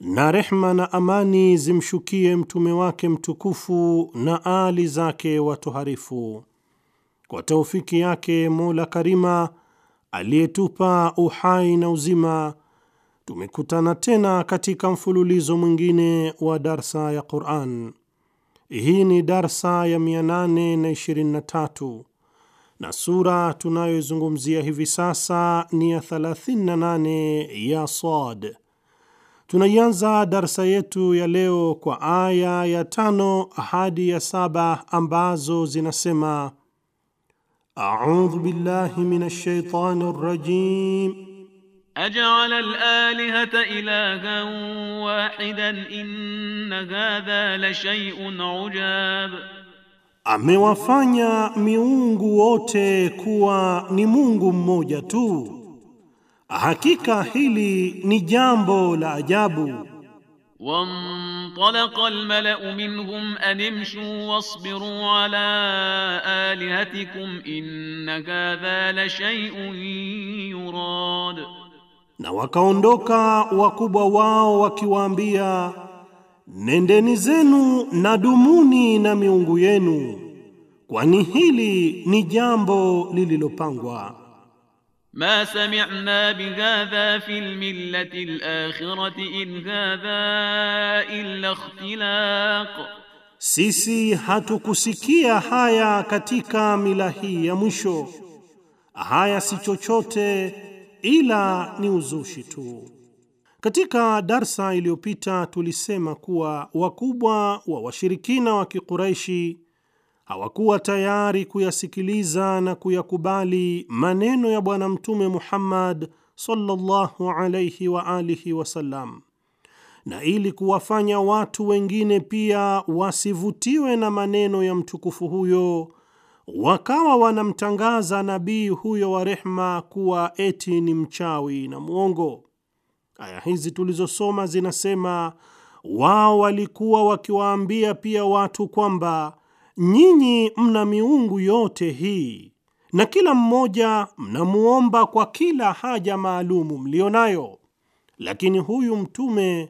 na rehma na amani zimshukie mtume wake mtukufu na aali zake watoharifu. Kwa taufiki yake Mola Karima aliyetupa uhai na uzima, tumekutana tena katika mfululizo mwingine wa darsa ya Quran. Hii ni darsa ya 823 na sura tunayoizungumzia hivi sasa ni ya 38 ya Sad. Tunaianza darsa yetu ya leo kwa aya ya tano hadi ya saba ambazo zinasema: audhu billahi minash shaitani rajim aj'ala lalihata ilahan wahidan inna hadha la shay'un ujab, amewafanya miungu wote kuwa ni Mungu mmoja tu Hakika hili ni jambo la ajabu. Wantalaqa almalau minhum an wasbiru ala alihatikum inna hadha la shay'un yurad, na wakaondoka wakubwa wao wakiwaambia, nendeni zenu na dumuni na miungu yenu, kwani hili ni jambo lililopangwa ma sami'na bihadha fil millati al-akhirati in hadha illa ikhtilaq, sisi hatukusikia haya katika mila hii ya mwisho, haya si chochote ila ni uzushi tu. Katika darsa iliyopita tulisema kuwa wakubwa wa washirikina wa Kikuraishi hawakuwa tayari kuyasikiliza na kuyakubali maneno ya Bwana Mtume Muhammad sallallahu alayhi wa alihi wasallam, na ili kuwafanya watu wengine pia wasivutiwe na maneno ya mtukufu huyo, wakawa wanamtangaza nabii huyo wa rehma kuwa eti ni mchawi na mwongo. Aya hizi tulizosoma zinasema wao walikuwa wakiwaambia pia watu kwamba nyinyi mna miungu yote hii na kila mmoja mnamuomba kwa kila haja maalumu mliyo nayo, lakini huyu mtume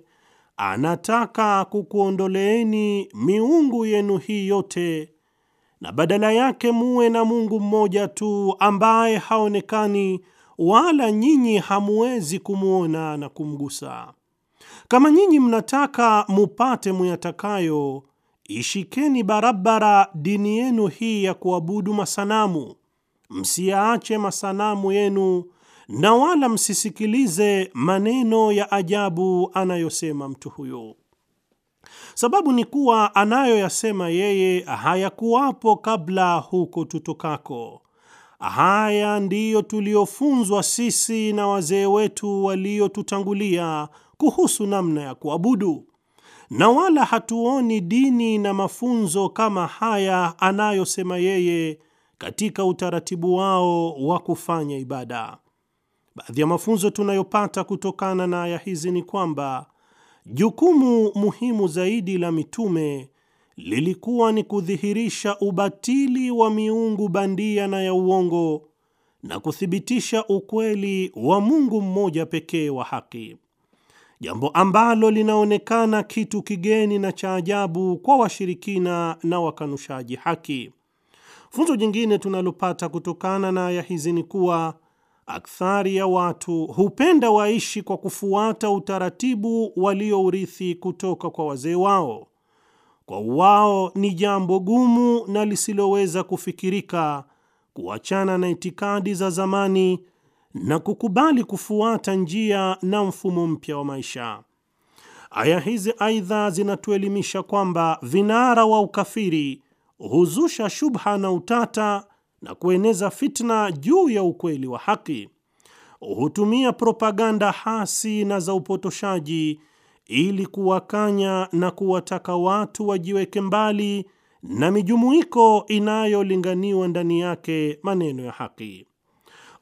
anataka kukuondoleeni miungu yenu hii yote na badala yake muwe na Mungu mmoja tu ambaye haonekani wala nyinyi hamuwezi kumwona na kumgusa. Kama nyinyi mnataka mupate muyatakayo Ishikeni barabara dini yenu hii ya kuabudu masanamu, msiyaache masanamu yenu, na wala msisikilize maneno ya ajabu anayosema mtu huyo. Sababu ni kuwa anayoyasema yeye hayakuwapo kabla huko tutokako. Haya ndiyo tuliyofunzwa sisi na wazee wetu waliotutangulia kuhusu namna ya kuabudu na wala hatuoni dini na mafunzo kama haya anayosema yeye katika utaratibu wao wa kufanya ibada. Baadhi ya mafunzo tunayopata kutokana na aya hizi ni kwamba jukumu muhimu zaidi la mitume lilikuwa ni kudhihirisha ubatili wa miungu bandia na ya uongo na kuthibitisha ukweli wa Mungu mmoja pekee wa haki jambo ambalo linaonekana kitu kigeni na cha ajabu kwa washirikina na wakanushaji haki. Funzo jingine tunalopata kutokana na aya hizi ni kuwa akthari ya watu hupenda waishi kwa kufuata utaratibu waliourithi kutoka kwa wazee wao. Kwa wao ni jambo gumu na lisiloweza kufikirika kuachana na itikadi za zamani na kukubali kufuata njia na mfumo mpya wa maisha. Aya hizi aidha zinatuelimisha kwamba vinara wa ukafiri huzusha shubha na utata na kueneza fitna juu ya ukweli wa haki, hutumia propaganda hasi na za upotoshaji ili kuwakanya na kuwataka watu wajiweke mbali na mijumuiko inayolinganiwa ndani yake maneno ya haki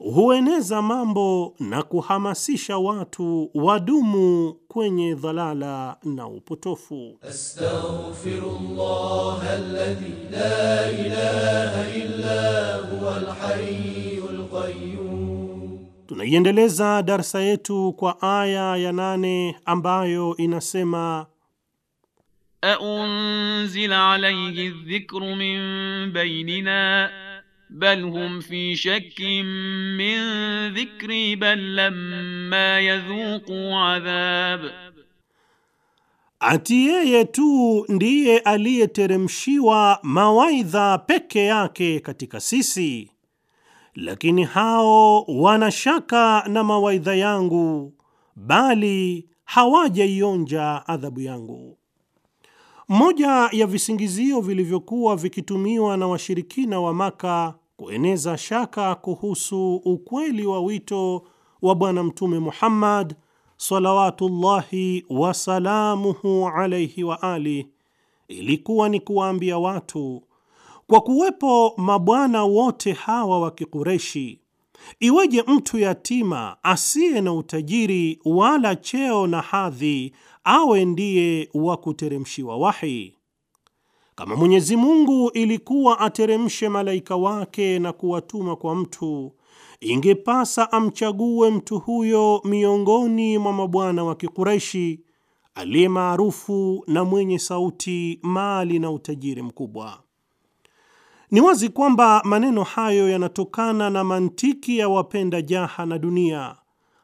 hueneza mambo na kuhamasisha watu wadumu kwenye dhalala na upotofu. Tunaiendeleza darsa yetu kwa aya ya nane ambayo inasema aunzila dhikru min bainina bal hum fi shakkin min dhikri bal lamma yadhuqu adhab, ati yeye tu ndiye aliyeteremshiwa mawaidha peke yake katika sisi, lakini hao wanashaka na mawaidha yangu, bali hawajaionja adhabu yangu. Moja ya visingizio vilivyokuwa vikitumiwa na washirikina wa Maka kueneza shaka kuhusu ukweli wa wito wa Bwana Mtume Muhammad salawatullahi wasalamuhu alaihi wa ali, ilikuwa ni kuwaambia watu kwa kuwepo mabwana wote hawa wa Kikureshi, iweje mtu yatima asiye na utajiri wala cheo na hadhi awe ndiye wa kuteremshiwa wahi? Kama Mwenyezi Mungu ilikuwa ateremshe malaika wake na kuwatuma kwa mtu, ingepasa amchague mtu huyo miongoni mwa mabwana wa kikuraishi aliye maarufu na mwenye sauti, mali na utajiri mkubwa. Ni wazi kwamba maneno hayo yanatokana na mantiki ya wapenda jaha na dunia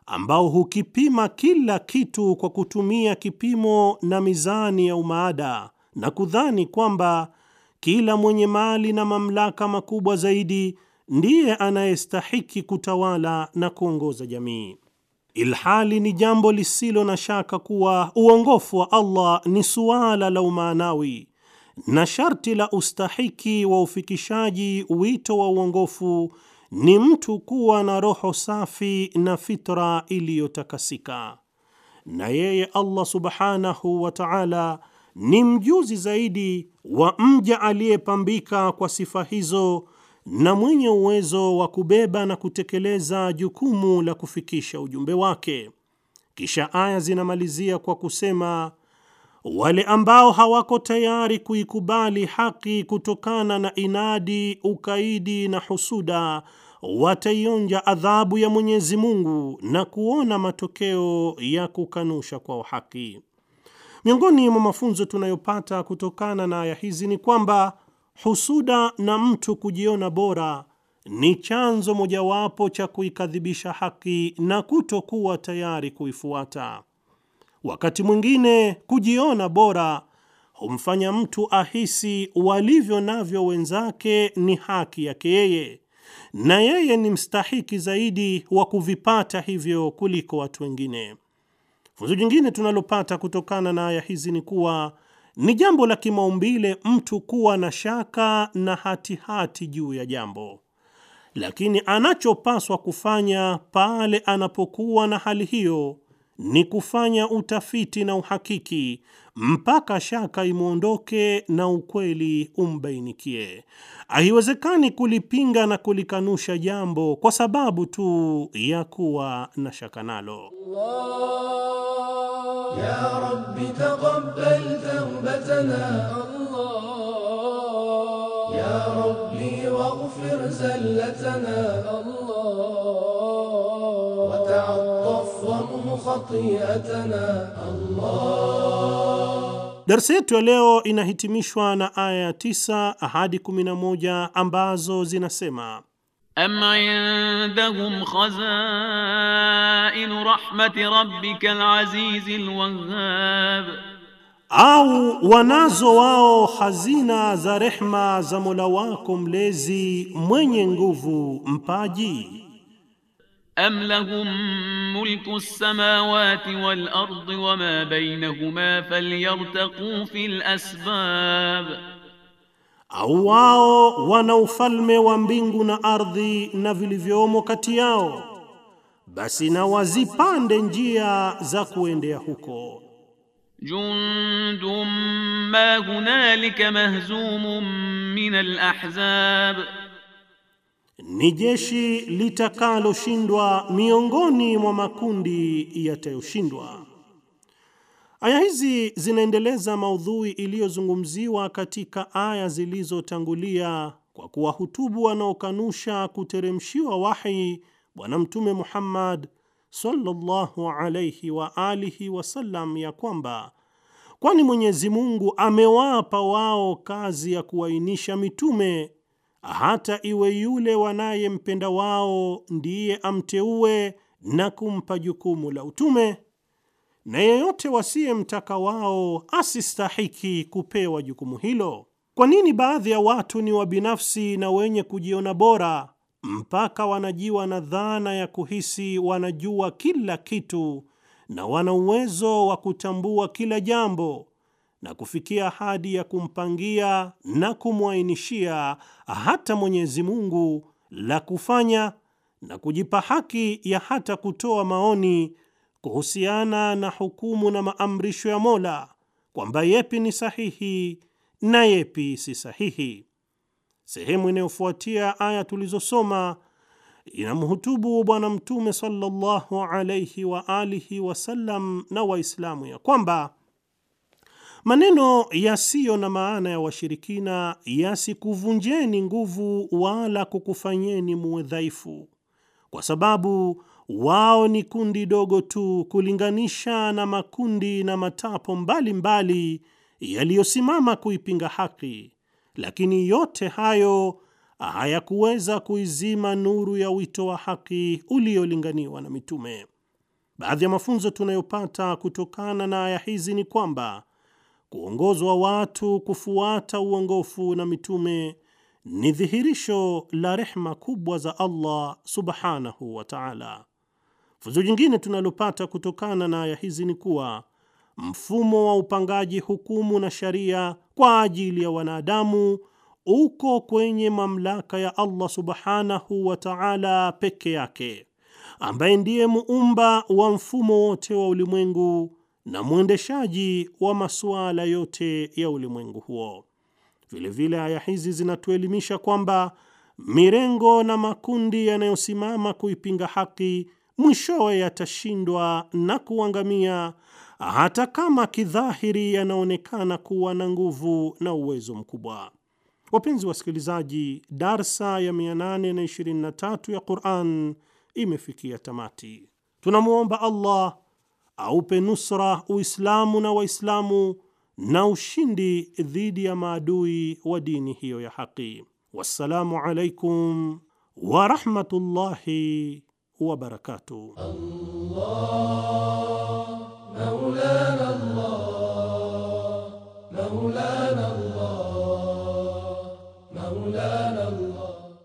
ambao hukipima kila kitu kwa kutumia kipimo na mizani ya umaada na kudhani kwamba kila mwenye mali na mamlaka makubwa zaidi ndiye anayestahiki kutawala na kuongoza jamii, ilhali ni jambo lisilo na shaka kuwa uongofu wa Allah ni suala la umaanawi na sharti la ustahiki wa ufikishaji wito wa uongofu ni mtu kuwa na roho safi na fitra iliyotakasika. Na yeye Allah subhanahu wa ta'ala ni mjuzi zaidi wa mja aliyepambika kwa sifa hizo na mwenye uwezo wa kubeba na kutekeleza jukumu la kufikisha ujumbe wake. Kisha aya zinamalizia kwa kusema, wale ambao hawako tayari kuikubali haki kutokana na inadi, ukaidi na husuda wataionja adhabu ya Mwenyezi Mungu na kuona matokeo ya kukanusha kwa uhaki. Miongoni mwa mafunzo tunayopata kutokana na aya hizi ni kwamba husuda na mtu kujiona bora ni chanzo mojawapo cha kuikadhibisha haki na kutokuwa tayari kuifuata. Wakati mwingine kujiona bora humfanya mtu ahisi walivyo navyo wenzake ni haki yake yeye, na yeye ni mstahiki zaidi wa kuvipata hivyo kuliko watu wengine. Funzo jingine tunalopata kutokana na aya hizi ni kuwa ni jambo la kimaumbile mtu kuwa na shaka na hatihati juu ya jambo, lakini anachopaswa kufanya pale anapokuwa na hali hiyo ni kufanya utafiti na uhakiki mpaka shaka imwondoke na ukweli umbainikie. Haiwezekani kulipinga na kulikanusha jambo kwa sababu tu ya kuwa na shaka nalo. Allah. Ya Rabbi khati'atana Darsa yetu ya leo inahitimishwa na aya ya 9 hadi 11 ambazo zinasema Am indahum khazainu rahmati rabbika al al-wahhab, au wanazo wao hazina za rehma za Mola wako mlezi mwenye nguvu mpaji. أَمْ لَهُم مُلْكُ السَّمَاوَاتِ وَالْأَرْضِ وَمَا بَيْنَهُمَا فَلْيَرْتَقُوا فِي الْأَسْبَابِ Au wao wana ufalme wa mbingu na ardhi na vilivyomo kati yao, basi na wazipande njia za kuendea huko. Jundum ma hunalika mahzumum min al-ahzab ni jeshi litakaloshindwa miongoni mwa makundi yatayoshindwa. Aya hizi zinaendeleza maudhui iliyozungumziwa katika aya zilizotangulia kwa kuwahutubu wanaokanusha kuteremshiwa wahi Bwana Mtume Muhammad sallallahu alayhi wa alihi wasallam, ya kwamba kwani Mwenyezi Mungu amewapa wao kazi ya kuainisha mitume hata iwe yule wanayempenda wao ndiye amteue na kumpa jukumu la utume, na yeyote wasiyemtaka wao asistahiki kupewa jukumu hilo. Kwa nini baadhi ya watu ni wabinafsi na wenye kujiona bora mpaka wanajiwa na dhana ya kuhisi wanajua kila kitu na wana uwezo wa kutambua kila jambo na kufikia ahadi ya kumpangia na kumwainishia hata Mwenyezi Mungu la kufanya na kujipa haki ya hata kutoa maoni kuhusiana na hukumu na maamrisho ya Mola kwamba yepi ni sahihi na yepi si sahihi. Sehemu inayofuatia aya tulizosoma inamhutubu Bwana Mtume sallallahu alaihi wa alihi wasallam na Waislamu ya kwamba Maneno yasiyo na maana ya washirikina yasikuvunjeni nguvu wala kukufanyeni muwe dhaifu, kwa sababu wao ni kundi dogo tu kulinganisha na makundi na matapo mbalimbali yaliyosimama kuipinga haki, lakini yote hayo hayakuweza kuizima nuru ya wito wa haki uliolinganiwa na mitume. Baadhi ya mafunzo tunayopata kutokana na aya hizi ni kwamba kuongozwa watu kufuata uongofu na mitume ni dhihirisho la rehma kubwa za Allah subhanahu wa ta'ala. Funzo jingine tunalopata kutokana na aya hizi ni kuwa mfumo wa upangaji hukumu na sharia kwa ajili ya wanadamu uko kwenye mamlaka ya Allah subhanahu wa ta'ala peke yake, ambaye ndiye muumba wa mfumo wote wa ulimwengu na mwendeshaji wa masuala yote ya ulimwengu huo. Vilevile aya hizi zinatuelimisha kwamba mirengo na makundi yanayosimama kuipinga haki mwishowe yatashindwa na kuangamia, hata kama kidhahiri yanaonekana kuwa na nguvu na uwezo mkubwa. Wapenzi wasikilizaji, darsa ya 823 ya Quran imefikia tamati. Tunamwomba Allah aupe nusra Uislamu na Waislamu na ushindi dhidi ya maadui wa dini hiyo ya haki. Wassalamu alaikum warahmatullahi wabarakatuh.